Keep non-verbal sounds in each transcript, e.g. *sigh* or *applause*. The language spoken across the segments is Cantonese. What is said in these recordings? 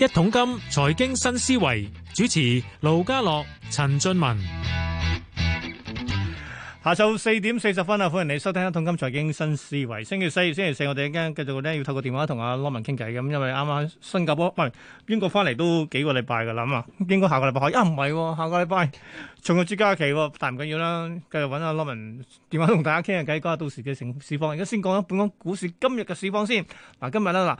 一桶金財經新思維主持：盧家樂、陳俊文。下晝四點四十分啊，歡迎你收聽《一桶金財經新思維》。星期四、星期四，我哋一間繼續咧，要透過電話同阿 Lawman 傾偈嘅。咁因為啱啱新加坡唔係英國翻嚟都幾個禮拜噶啦嘛，應該下個禮拜開。啊，唔係，下個禮拜仲有暑假期喎，但唔緊要啦，繼續揾阿 Lawman 電話同大家傾下偈。講下，到時嘅市市況，而家先講一講本港股市今日嘅市況先。嗱，今日咧嗱，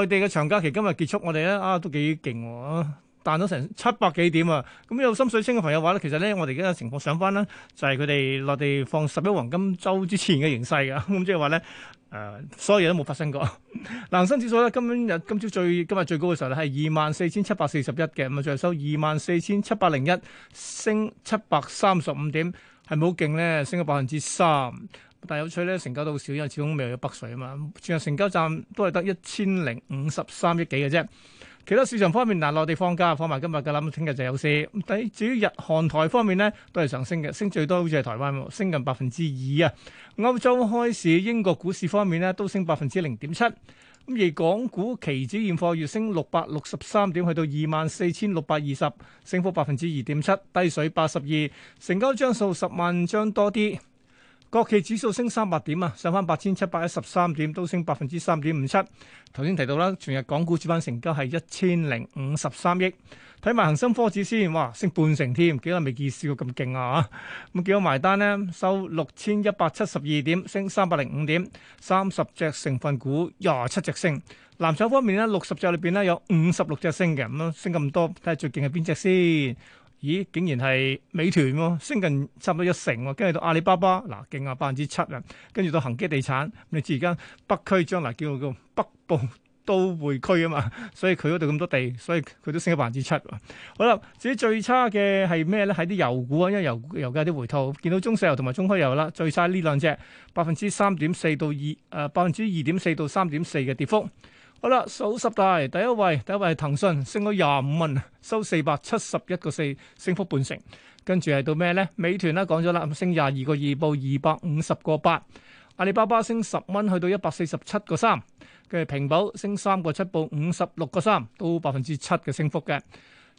內地嘅長假期今日結束，我哋咧啊都幾勁喎。彈咗成七百幾點啊！咁有心水清嘅朋友話咧，其實咧我哋而家嘅情況上翻咧，就係佢哋落地放十一黃金周之前嘅形勢嘅。咁即係話咧，誒、呃，所有嘢都冇發生過。恒生指數咧，今日今朝最今日最高嘅時候咧係二萬四千七百四十一嘅，咁啊，全日收二萬四千七百零一，升七百三十五點，係咪好勁咧？升咗百分之三。但係有趣咧，成交都好少，因為始終未有北水啊嘛。全日成交站都係得一千零五十三億幾嘅啫。其他市場方面，嗱，內地放假放埋今日嘅啦，聽日就有事。至於日韓台方面咧，都係上升嘅，升最多好似係台灣升近百分之二啊。歐洲開市，英國股市方面咧都升百分之零點七。咁而港股期指現貨月升六百六十三點，去到二萬四千六百二十，升幅百分之二點七，低水八十二，成交張數十萬張多啲。國企指數升三百點啊，上返八千七百一十三點，都升百分之三點五七。頭先提到啦，全日港股主板成交係一千零五十三億。睇埋恒生科指先，哇，升半成添，幾耐未見試過咁勁啊！咁幾多埋單呢，收六千一百七十二點，升三百零五點，三十隻成分股廿七隻升。藍籌方面呢，六十隻裏邊呢，有五十六隻升嘅，咁樣升咁多，睇下最勁係邊隻先。咦，竟然係美團喎，哦，升近差唔多一成，哦；跟住到阿里巴巴，嗱勁啊，百分之七啊；跟住到恒基地產，你知而家北區將嚟叫做北部都會區啊嘛，所以佢嗰度咁多地，所以佢都升咗百分之七。好啦，至於最差嘅係咩咧？喺啲油股啊，因為油油價啲回吐，見到中石油同埋中海油啦，最差呢兩隻百分之三點四到二、呃，誒百分之二點四到三點四嘅跌幅。好啦，數十大第一位，第一位係騰訊，升咗廿五蚊，收四百七十一個四，升幅半成。跟住係到咩呢？美團咧講咗啦，升廿二個二，報二百五十個八。阿里巴巴升十蚊，去到一百四十七個三。跟住平保升三個七，報五十六個三，都百分之七嘅升幅嘅。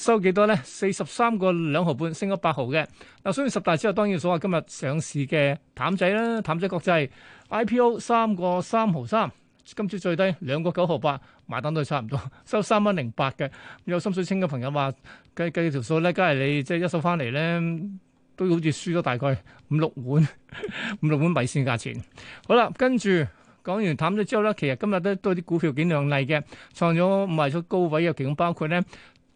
收幾多咧？四十三個兩毫半，升咗八毫嘅。嗱，所以十大之後當然所謂，今日上市嘅譚仔啦，譚仔國際 IPO 三個三毫三，今朝最低兩個九毫八，埋單都係差唔多，收三蚊零八嘅。有心水清嘅朋友話，計計條數咧，梗係你即係一手翻嚟咧，都好似輸咗大概五六碗五六 *laughs* 碗米線價錢。好啦，跟住講完譚仔之後咧，其實今日都多啲股票幾亮麗嘅，創咗賣出高位嘅，其中包括咧。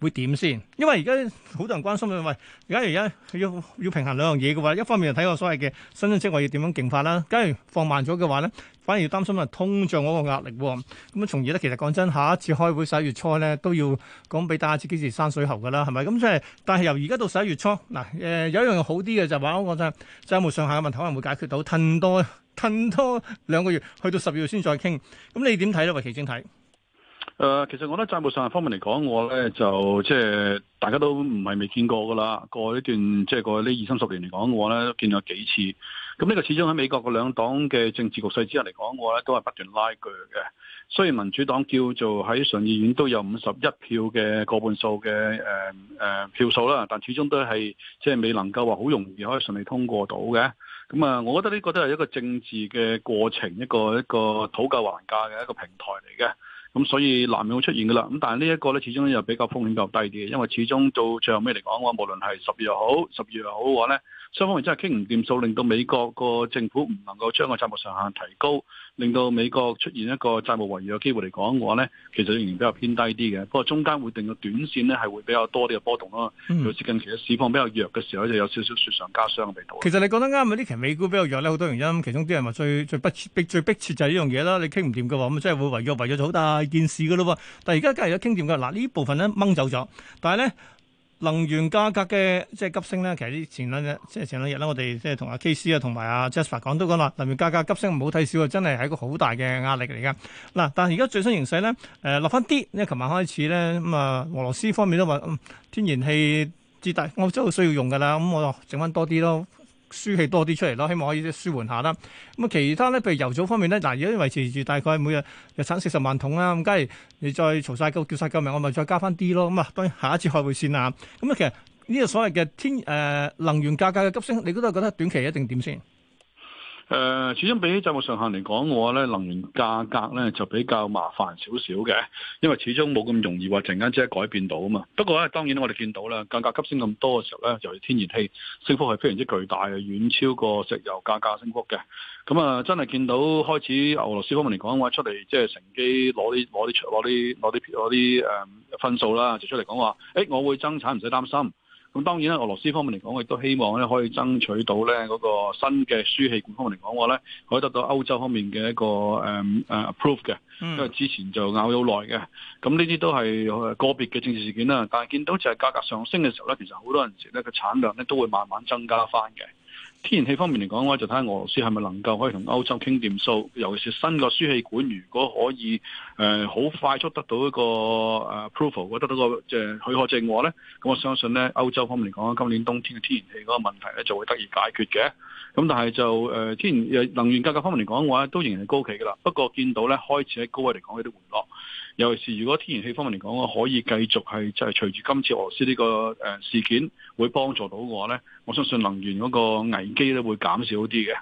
會點先？因為而家好多人關心佢喂，而家而家要要平衡兩樣嘢嘅話，一方面就睇我所謂嘅新增赤字要點樣勁法啦。梗係放慢咗嘅話咧，反而要擔心啊通脹嗰個壓力。咁啊，從而咧，其實講真，下一次開會十一月初咧，都要講俾大家知幾時閂水喉嘅啦，係咪？咁即係，但係由而家到十一月初，嗱，誒、呃、有一樣好啲嘅就係、是、話，我講真，有冇上下嘅問題可能會解決到，褪多褪多兩個月，去到十二月先再傾。咁你點睇咧？維琪先睇。誒、呃，其實我覺得債務上方面嚟講，我咧就即係大家都唔係未見過噶啦。過一段即係、就是、過 20, 呢二三十年嚟講，我咧都見咗幾次。咁呢個始終喺美國嘅兩黨嘅政治局勢之下嚟講，我咧都係不斷拉鋸嘅。雖然民主黨叫做喺上議院都有五十一票嘅過半數嘅誒誒票數啦，但始終都係即係未能夠話好容易可以順利通過到嘅。咁啊，我覺得呢個都係一個政治嘅過程，一個一個討價還價嘅一個平台嚟嘅。咁、嗯、所以難免會出現噶啦，咁但係呢一個咧，始終又比較風險比較低啲嘅，因為始終到最後尾嚟講嘅話，無論係十月又好，十月又好嘅話咧，雙方面真係傾唔掂數，令到美國個政府唔能夠將個債務上限提高，令到美國出現一個債務違約嘅機會嚟講嘅話咧，其實仍然比較偏低啲嘅。不過中間會令個短線咧係會比較多啲嘅波動咯，尤、嗯、其近期嘅市況比較弱嘅時候就有少少雪上加霜嘅味道。其實你覺得啱唔啱？呢期美股比較弱咧，好多原因，其中啲人話最最逼切、逼最逼切就係呢樣嘢啦。你傾唔掂嘅話，咁真係會違約，違約就好大。係件事噶咯，但係而家梗係有傾掂嘅嗱，呢部分咧掹走咗，但係咧能源價格嘅即係急升咧，其實前兩日即係前兩日咧，我哋即係同阿 K C 啊同埋阿 Jasper 講都講話，能源價格急升唔好睇少啊，真係係一個好大嘅壓力嚟噶嗱。但係而家最新形勢咧，誒落翻啲，因為琴晚開始咧咁啊，俄羅斯方面都話天然氣至大澳洲需要用噶啦，咁我整翻多啲咯。輸氣多啲出嚟咯，希望可以舒緩下啦。咁啊，其他咧，譬如油組方面咧，嗱，如果你維持住大概每日日產四十萬桶啦，咁梗係你再嘈晒夠叫晒夠命，我咪再加翻啲咯。咁啊，當然下一次開會先啦。咁啊，其實呢個所謂嘅天誒、呃、能源價格嘅急升，你都係覺得短期一定點先？誒、呃，始終比起債務上限嚟講嘅話咧，能源價格咧就比較麻煩少少嘅，因為始終冇咁容易話突然間即係改變到啊嘛。不過咧，當然我哋見到咧，價格急升咁多嘅時候咧，由於天然氣升幅係非常之巨大嘅，遠超過石油價格升幅嘅。咁、嗯、啊，真係見到開始俄羅斯方面嚟講嘅話，出嚟即係乘機攞啲攞啲出攞啲攞啲攞啲誒分數啦，就出嚟講話，誒、欸，我會增產，唔使擔心。咁當然啦，俄羅斯方面嚟講，我亦都希望咧可以爭取到咧嗰個新嘅輸氣管方面嚟講，我咧可以得到歐洲方面嘅一個誒誒、um, uh, approve 嘅，因為之前就咬咗好耐嘅。咁呢啲都係個別嘅政治事件啦，但係見到就係價格上升嘅時候咧，其實好多人認咧個產量咧都會慢慢增加翻嘅。天然氣方面嚟講嘅話，就睇下俄羅斯係咪能夠可以同歐洲傾掂數，尤其是新個輸氣管，如果可以誒好、呃、快速得到一個誒 approval，或得到一個即係許可證嘅話咧，咁我相信咧歐洲方面嚟講，今年冬天嘅天然氣嗰個問題咧，就會得以解決嘅。咁但係就誒，天然誒能源價格方面嚟講嘅話，都仍然係高企噶啦。不過見到咧開始喺高位嚟講有啲回落。尤其是如果天然氣方面嚟講，我可以繼續係即係隨住今次俄羅斯呢個誒事件，會幫助到我咧，我相信能源嗰個危機咧會減少啲嘅。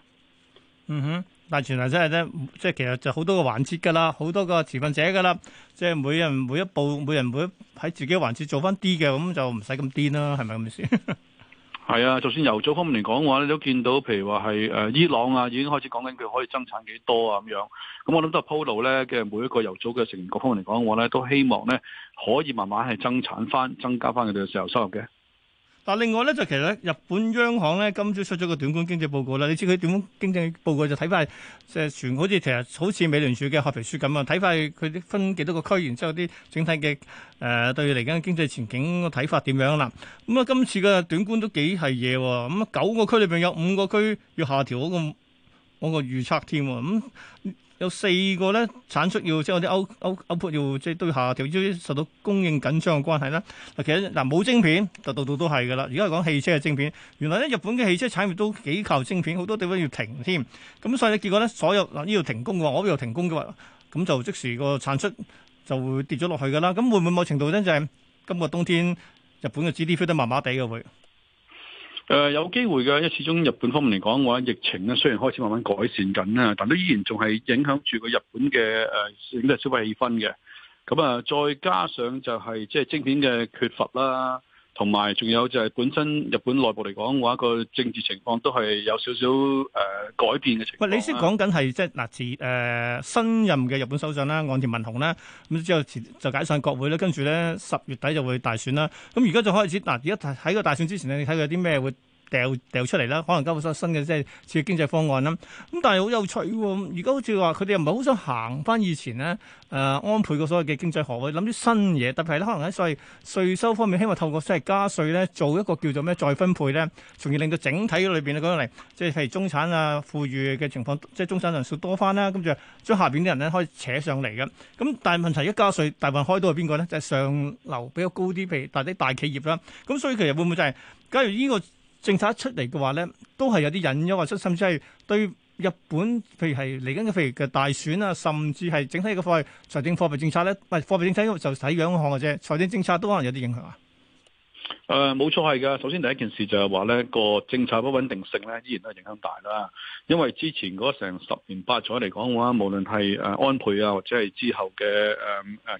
嗯哼，但係全台真係咧，即係其實就好多個環節噶啦，好多個持份者噶啦，即係每人每一步，每人每一喺自己環節做翻啲嘅，咁就唔使咁癲啦，係咪咁嘅事？ *laughs* 係啊，就算油組方面嚟講嘅話，你都見到譬如話係誒伊朗啊，已經開始講緊佢可以增產幾多啊咁樣。咁我諗都係 Polo 咧嘅每一個油組嘅成員各方面嚟講嘅話咧，都希望咧可以慢慢係增產翻、增加翻佢哋嘅石油收入嘅。但另外咧，就其實日本央行咧，今朝出咗個短觀經濟報告啦。你知佢短觀經濟報告就睇翻即係全好似其實好似美聯儲嘅褐皮書咁啊，睇翻佢啲分幾多個區，然之後啲整體嘅誒、呃、對嚟緊經濟前景個睇法點樣啦？咁、嗯、啊，今次嘅短觀都幾係嘢喎。咁、嗯、啊，九個區裏邊有五個區要下調嗰、那個嗰、那個預測添喎。咁、嗯有四個咧產出要即係我啲 out out output 要即係對下調，由於受到供應緊張嘅關係啦。嗱，其實嗱冇晶片就度度都係噶啦。如果係講汽車嘅晶片，原來咧日本嘅汽車產業都幾靠晶片，好多地方要停添。咁所以你結果咧，所有嗱呢度停工嘅話，我邊度停工嘅話，咁就即時個產出就會跌咗落去噶啦。咁會唔會某程度呢就係、是、今個冬天日本嘅 G D P 都麻麻地嘅會？誒、呃，有機會嘅，因為始終日本方面嚟講，我諗疫情咧雖然開始慢慢改善緊啦，但都依然仲係影響住個日本嘅誒，咩、呃、消費氣氛嘅。咁啊，再加上就係、是、即係晶片嘅缺乏啦。同埋，仲有就係本身日本內部嚟講，話個政治情況都係有少少誒、呃、改變嘅情況。唔你先講緊係即係嗱，自、就、誒、是呃、新任嘅日本首相啦，岸田文雄啦，咁、嗯、之後就解散國會啦。跟住咧十月底就會大選啦。咁而家就開始嗱，而家喺個大選之前咧，你睇佢有啲咩會？掉掉出嚟啦，可能交份新嘅即係刺激經濟方案啦。咁但係好有趣喎、哦，而家好似話佢哋又唔係好想行翻以前咧，誒、呃，安倍個所謂嘅經濟學會諗啲新嘢。特別係可能喺稅稅收方面，希望透過即係加稅咧，做一個叫做咩再分配咧，從而令到整體裏邊講講嚟，即係譬如中產啊富裕嘅情況，即係中產人數多翻啦，跟住將下邊啲人咧可以扯上嚟嘅。咁但係問題一加稅，大部分開到係邊個咧？就係、是、上流比較高啲，譬如但啲大企業啦。咁所以其實會唔會就係、是、假如呢、這個。政策一出嚟嘅話咧，都係有啲隱憂，或者甚至係對日本，譬如係嚟緊嘅譬如嘅大選啊，甚至係整體嘅貨幣財政貨幣政策咧，喂貨幣政策，政策就睇樣項嘅啫，財政政策都可能有啲影響啊。誒，冇錯係噶。首先第一件事就係話咧，個政策不穩定性咧，依然都係影響大啦。因為之前嗰成十年八載嚟講嘅話，無論係誒安倍啊，或者係之後嘅誒誒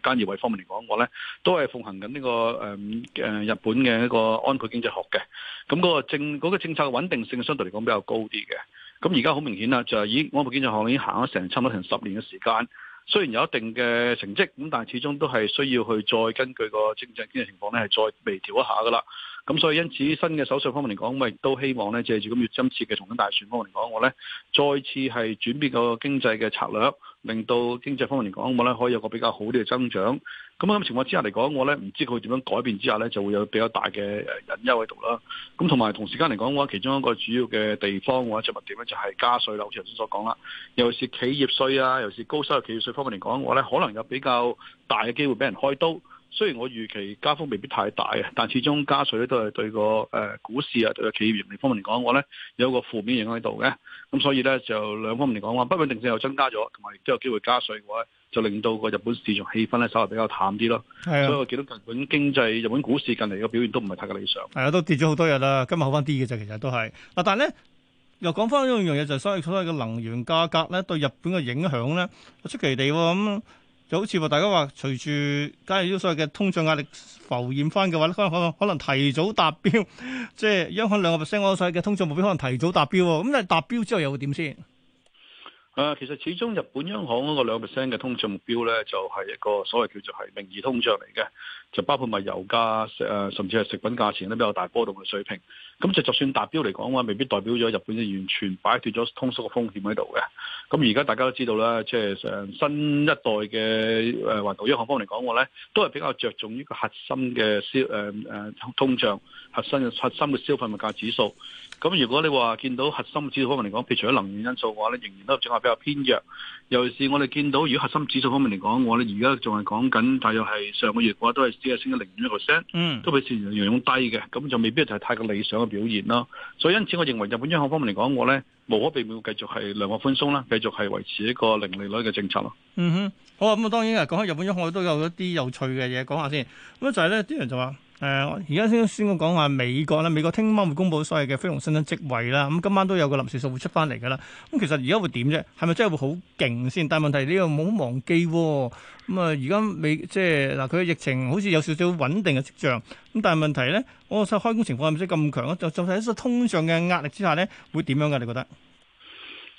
菅義偉方面嚟講嘅咧，都係奉行緊呢、這個誒誒、呃、日本嘅一個安倍經濟學嘅。咁、那、嗰個政嗰、嗰個政策嘅穩定性相對嚟講比較高啲嘅。咁而家好明顯啦，就係以安倍經濟學已經行咗成差唔多成十年嘅時間。雖然有一定嘅成績，咁但係始終都係需要去再根據個政治經濟經濟情況咧，係再微調一下㗎喇。咁所以因此新嘅手勢方面嚟講，我亦都希望咧，借住今次嘅重新大選方面嚟講，我咧再次係轉變個經濟嘅策略，令到經濟方面嚟講，我咧可以有個比較好啲嘅增長。咁咁情況之下嚟講，我咧唔知佢點樣改變之下咧，就會有比較大嘅隱憂喺度啦。咁同埋同時間嚟講，嘅其中一個主要嘅地方嘅話，即係點咧，就係、是、加稅啦。好似頭先所講啦，尤其是企業稅啊，尤其是高收入企業稅方面嚟講，我咧可能有比較大嘅機會俾人開刀。雖然我預期加幅未必太大嘅，但始終加稅咧都係對個誒、呃、股市啊、對個企業盈利方面嚟講，我咧有個負面影響喺度嘅。咁、嗯、所以咧就兩方面嚟講話，不穩定性又增加咗，同埋亦都有機會加稅嘅話，就令到個日本市場氣氛咧稍為比較淡啲咯。係啊，所以我見到日本經濟、日本股市近嚟嘅表現都唔係太嘅理想。係啊，都跌咗好多日啦，今日好翻啲嘅啫。其實都係嗱、啊，但係咧又講翻一樣嘢，就係、是、所所謂嘅能源價格咧對日本嘅影響咧，出奇地咁。就好似話，大家話隨住加今咗所謂嘅通脹壓力浮現翻嘅話咧，可能可能可能提早達標，即係央行兩個 percent 嗰所謂嘅通脹目標可能提早達標喎。咁但係達標之後又會點先？啊，其實始終日本央行嗰個兩個 percent 嘅通脹目標咧，就係一個所謂叫做係名義通脹嚟嘅。就包括埋油價，食甚至係食品價錢都比較大波動嘅水平。咁就就算達標嚟講嘅話，未必代表咗日本就完全擺脱咗通縮嘅風險喺度嘅。咁而家大家都知道啦，即係誒新一代嘅誒環球央行方面嚟講，我咧都係比較着重於個核心嘅消誒誒通通脹、核心嘅核心嘅消費物價指數。咁如果你話見到核心指數方面嚟講，撇除咗能源因素嘅話咧，仍然都仲係比較偏弱。尤其是我哋見到，如果核心指數方面嚟講，我咧而家仲係講緊，大約係上個月嘅話都係。只係升咗零點一個 percent，都比前年樣樣低嘅，咁就未必就係太過理想嘅表現咯。所以因此，我認為日本央行方面嚟講，我咧無可避免繼續係量化寬鬆啦，繼續係維持一個零利率嘅政策咯。嗯哼，好啊，咁、嗯、啊，當然啊，講開日本央行都有一啲有趣嘅嘢講下先。咁啊，就係咧，啲人就話。誒，而家、呃、先先講講話美國啦，美國聽晚會公佈所有嘅非農新增職位啦，咁今晚都有個臨時數據出翻嚟㗎啦。咁其實而家會點啫？係咪真係會好勁先？但係問題你又唔好忘記咁、哦、啊！而家美即係嗱，佢嘅疫情好似有少少穩定嘅跡象，咁但係問題咧，我、哦、睇開工情況係唔係咁強？就就係喺通脹嘅壓力之下咧，會點樣㗎？你覺得？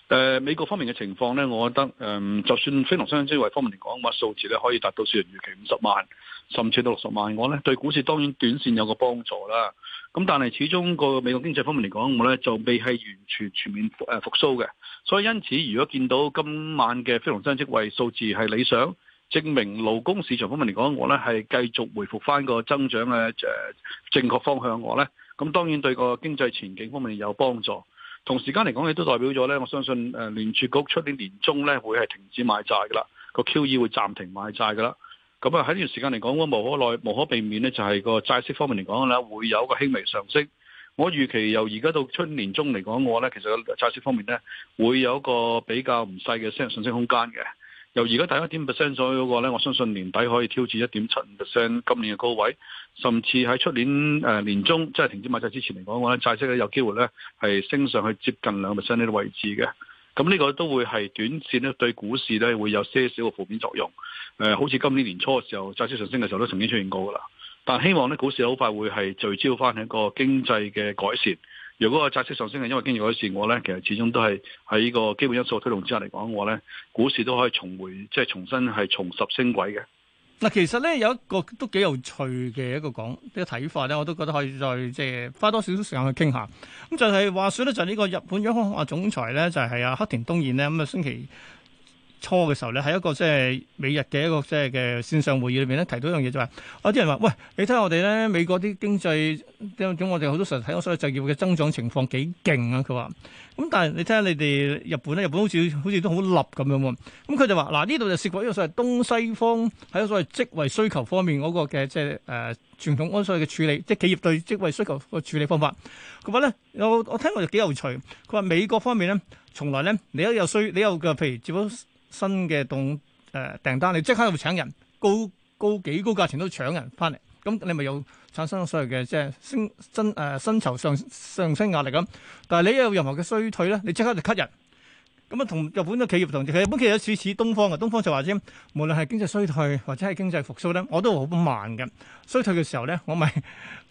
誒、呃，美國方面嘅情況咧，我覺得誒、呃，就算非農新增職位方面嚟講，我數字咧可以達到市場預期五十萬，甚至到六十萬，我咧對股市當然短線有個幫助啦。咁但係始終個美國經濟方面嚟講，我咧就未係完全全面誒復蘇嘅。所以因此，如果見到今晚嘅非農新增職位數字係理想，證明勞工市場方面嚟講，我咧係繼續回復翻個增長嘅誒正確方向，我咧咁當然對個經濟前景方面有幫助。同時間嚟講，亦都代表咗咧，我相信誒、呃、聯儲局出年中咧，會係停止買債噶啦，個 QE 會暫停買債噶啦。咁啊喺呢段時間嚟講，我無可奈、無可避免咧，就係、是、個債息方面嚟講咧，會有個輕微上升。我預期由而家到出年中嚟講我話咧，其實個債息方面咧，會有一個比較唔細嘅升上升空間嘅。由而家第一點五 percent 左右嗰個咧，我相信年底可以挑戰一點七五 percent 今年嘅高位，甚至喺出年誒、呃、年中，即係停止買債之前嚟講，我咧債息咧有機會咧係升上去接近兩 percent 呢啲位置嘅。咁呢個都會係短線咧對股市咧會有些少嘅負面作用。誒、呃，好似今年年初嘅時候債息上升嘅時候都曾經出現過噶啦。但希望咧股市好快會係聚焦翻喺個經濟嘅改善。如果個債息上升係因為經濟嗰件事，我咧其實始終都係喺呢個基本因素推動之下嚟講，我咧股市都可以重回即係重新係重拾升軌嘅。嗱，其實咧有一個都幾有趣嘅一個講一個睇法咧，我都覺得可以再即係花多少少時間去傾下。咁就係、是、話説咧，就呢、是、個日本央行總裁咧就係、是、阿黑田東彥咧，咁啊星期初嘅時候咧，喺一個即係美日嘅一個即係嘅線上會議裏邊咧，提到一樣嘢就話、是，有啲人話，喂，你睇下我哋咧，美國啲經濟，咁我哋好多時候睇到所謂就業嘅增長情況幾勁啊！佢話，咁但係你睇下你哋日本咧，日本好似好似都好立咁樣喎。咁、嗯、佢就話，嗱，呢度就涉過呢個所謂東西方喺一個所謂職位需求方面嗰個嘅即係誒傳統安所嘅處理，即係企業對職位需求個處理方法。佢話咧，有我，我聽過就幾有趣。佢話美國方面咧，從來咧你都有需你有嘅譬如至少。新嘅動誒、呃、訂單，你即刻就請人，高高幾高價錢都搶人翻嚟，咁、嗯、你咪有產生所謂嘅即係薪薪誒薪酬上上升壓力咁。但係你有任何嘅衰退咧，你即刻就 cut 人。咁啊，同日本嘅企業同，其實日本企業有少少似東方嘅，東方就話先，無論係經濟衰退或者係經濟復甦咧，我都好慢嘅。衰退嘅時候咧，我咪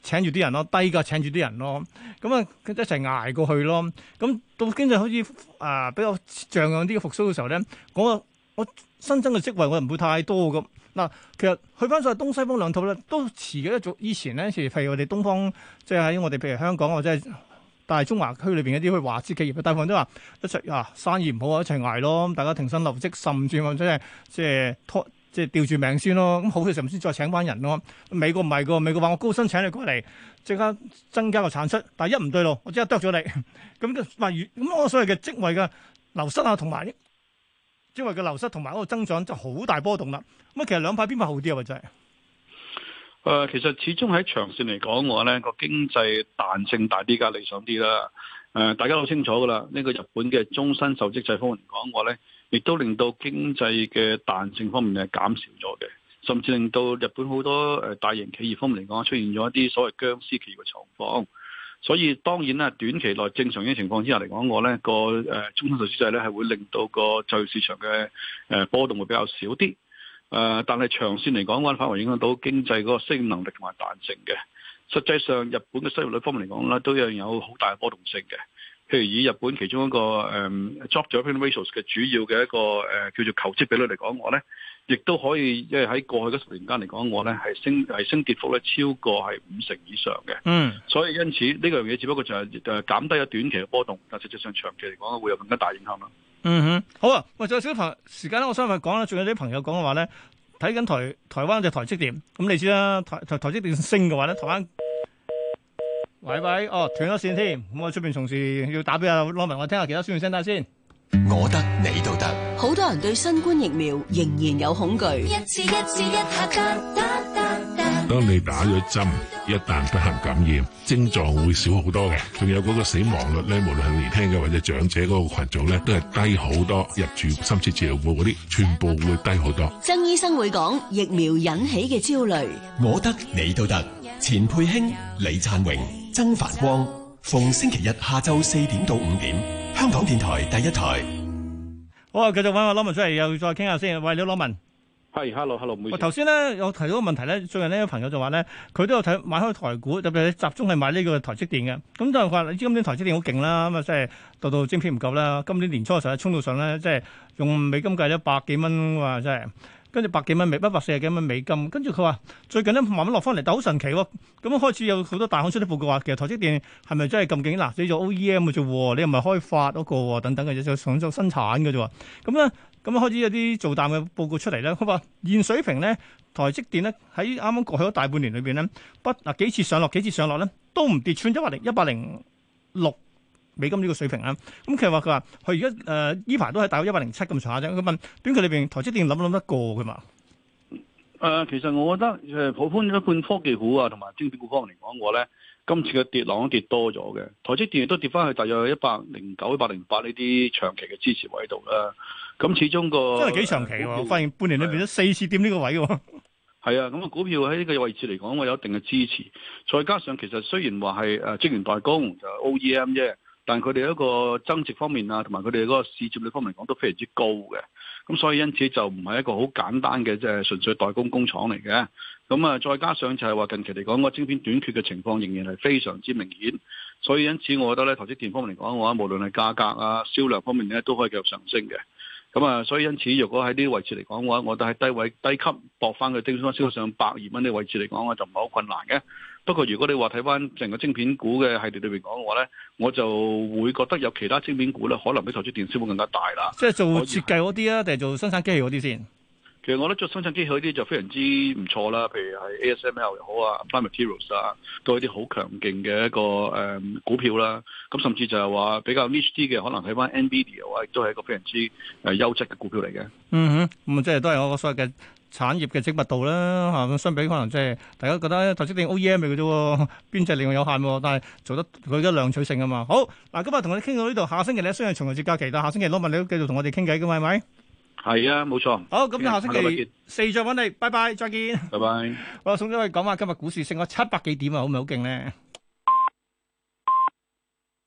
請住啲人咯，低價請住啲人咯，咁啊一齊捱過去咯。咁到經濟好似啊比較像樣啲嘅復甦嘅時候咧，我我新增嘅職位我唔會太多咁。嗱，其實去翻所謂東西方兩套咧，都似嘅一早。以前咧，譬如我哋東方即係喺我哋譬如香港如我真係。但係中華區裏邊一啲去華資企業，大部分都話一齊啊，生意唔好啊，一齊捱咯，大家停薪留職，甚至話即係即係拖即係吊住命先咯。咁、嗯、好嘅時候先再請班人咯。美國唔係個，美國話我高薪請你過嚟，即刻增加個產出。但係一唔對路，我即刻剁咗你。咁例如咁我所謂嘅職位嘅流失啊，同埋職位嘅流失同埋嗰個增長就好大波動啦。咁、嗯、其實兩派邊派好啲啊？咪就係。誒、呃，其實始終喺長線嚟講我咧個經濟彈性大啲，噶理想啲啦。誒、呃，大家都好清楚噶啦，呢、這個日本嘅終身受職制方面嚟講我咧，亦都令到經濟嘅彈性方面係減少咗嘅，甚至令到日本好多誒大型企業方面嚟講出現咗一啲所謂僵屍企業嘅狀況。所以當然啦，短期內正常嘅情況之下嚟講我咧個誒終身受職制咧係會令到個就業市場嘅誒波動會比較少啲。誒、呃，但係長線嚟講，溫反而影響到經濟嗰個適應能力同埋彈性嘅。實際上，日本嘅失業率方面嚟講咧，都有有好大波動性嘅。譬如以日本其中一個誒 job creation ratios 嘅主要嘅一個誒、呃、叫做求職比率嚟講，我咧。亦都可以，因為喺過去嗰十年間嚟講，我咧係升係升跌幅咧超過係五成以上嘅。嗯，所以因此呢、呢個樣嘢，只不過就係、係就係、減低咗短期嘅波動，但實際上長期嚟講，會有更加大影響啦。嗯哼，好啊！喂，仲有啲朋時間咧，我想講咧，仲有啲朋友講嘅話咧，睇緊台台灣嘅台積電。咁你知啦，台台台積電升嘅話咧，台灣喂，喂，哦斷咗線添。咁我出邊從事要打俾阿羅文，我聽下其他宣傳聲帶先。我得你都得。好多人對新冠疫苗仍然有恐懼。一次一次，當你打咗針，一旦不幸感染，症狀會少好多嘅。仲有嗰個死亡率咧，無論係年輕嘅或者長者嗰個羣組咧，都係低好多。入住深切治療部嗰啲，全部會低好多。曾醫生會講疫苗引起嘅焦慮，我得你都得。錢佩卿、李燦榮、曾繁光，逢星期日下晝四點到五點，香港電台第一台。好啊，繼續揾阿羅文出嚟，又再傾下先。喂，你好，羅文。係 Hello，hello，hello，唔好意思。頭先咧，我提到個問題咧，最近呢，有朋友就話咧，佢都有睇買開台股，特別係集中係買呢個台積電嘅。咁當然話，你知今年台積電好勁啦，咁啊即係度度晶片唔夠啦。今年年初嘅時候，衝到上咧，即係用美金計咗百幾蚊哇，真係。跟住百幾蚊美，不一百四十幾蚊美金。跟住佢話最近咧，慢慢落翻嚟，但好神奇喎、哦。咁開始有好多大行出啲報告話，其實台積電係咪真係咁勁？嗱，你做 OEM 嘅啫，你又唔係開發嗰個等等嘅嘢，就想做生產嘅啫。咁咧咁啊開始有啲做淡嘅報告出嚟咧，佢話現水平咧，台積電咧，喺啱啱過去嗰大半年裏邊咧，不嗱，幾次上落，幾次上落咧，都唔跌穿一百零一百零六。美金呢個水平啦、啊，咁其實話佢話佢而家誒依排都係大約一百零七咁上下啫。咁問短期裏邊台積電諗唔諗得過㗎嘛？誒、呃，其實我覺得誒普遍一半科技股啊，同埋精選股方面嚟講話呢，我咧今次嘅跌浪都跌多咗嘅。台積電都跌翻去大約一百零九、一百零八呢啲長期嘅支持位度啦。咁、嗯嗯、始終個真係幾長期、啊、票我發現半年裏邊都四次掂呢個位嘅喎。係啊，咁啊股票喺呢個位置嚟、啊啊那個、講，我有一定嘅支持。再加上其實雖然話係誒晶圓代工就 OEM 啫。但佢哋一個增值方面啊，同埋佢哋嗰個市佔率方面嚟講都非常之高嘅，咁所以因此就唔係一個好簡單嘅即係純粹代工工廠嚟嘅，咁啊再加上就係話近期嚟講個晶片短缺嘅情況仍然係非常之明顯，所以因此我覺得咧投資電方面嚟講嘅話，無論係價格啊、銷量方面咧，都可以繼續上升嘅。咁啊、嗯，所以因此，如果喺呢啲位置嚟講嘅話，我都係低位低級搏翻佢，叮超過上百二蚊嘅位置嚟講，我就唔係好困難嘅。不過如果你話睇翻成個晶片股嘅系列裏邊講嘅話咧，我就會覺得有其他晶片股咧，可能比台積電升幅會更加大啦。即係做設計嗰啲啊，定係是做生產機器嗰啲先？其實我覺得做生產機器嗰啲就非常之唔錯啦，譬如係 ASML 又好啊，Applied Materials 啊，都係啲好強勁嘅一個誒、嗯、股票啦。咁甚至就係話比較 niche 啲嘅，可能睇翻 Nvidia 啊，亦都係一個非常之誒、呃、優質嘅股票嚟嘅。嗯哼，咁、嗯、即係都係我個所謂嘅產業嘅精密度啦。嚇、啊，相比可能即、就、係、是、大家覺得投資定 OEM 嚟嘅啫，邊隻另外有限喎、啊，但係做得佢一量取勝啊嘛。好，嗱、啊，今日同我哋傾到呢度，下星期咧雖然重陽節假期，但下星期攞問你都繼續同我哋傾偈嘅，係咪？係啊，冇錯。錯，好，咁就下星期四再搵你，拜拜，拜拜，再見。拜拜。我、嗯、送咗你講話，今日股市升咗七百幾點啊，好唔好勁咧？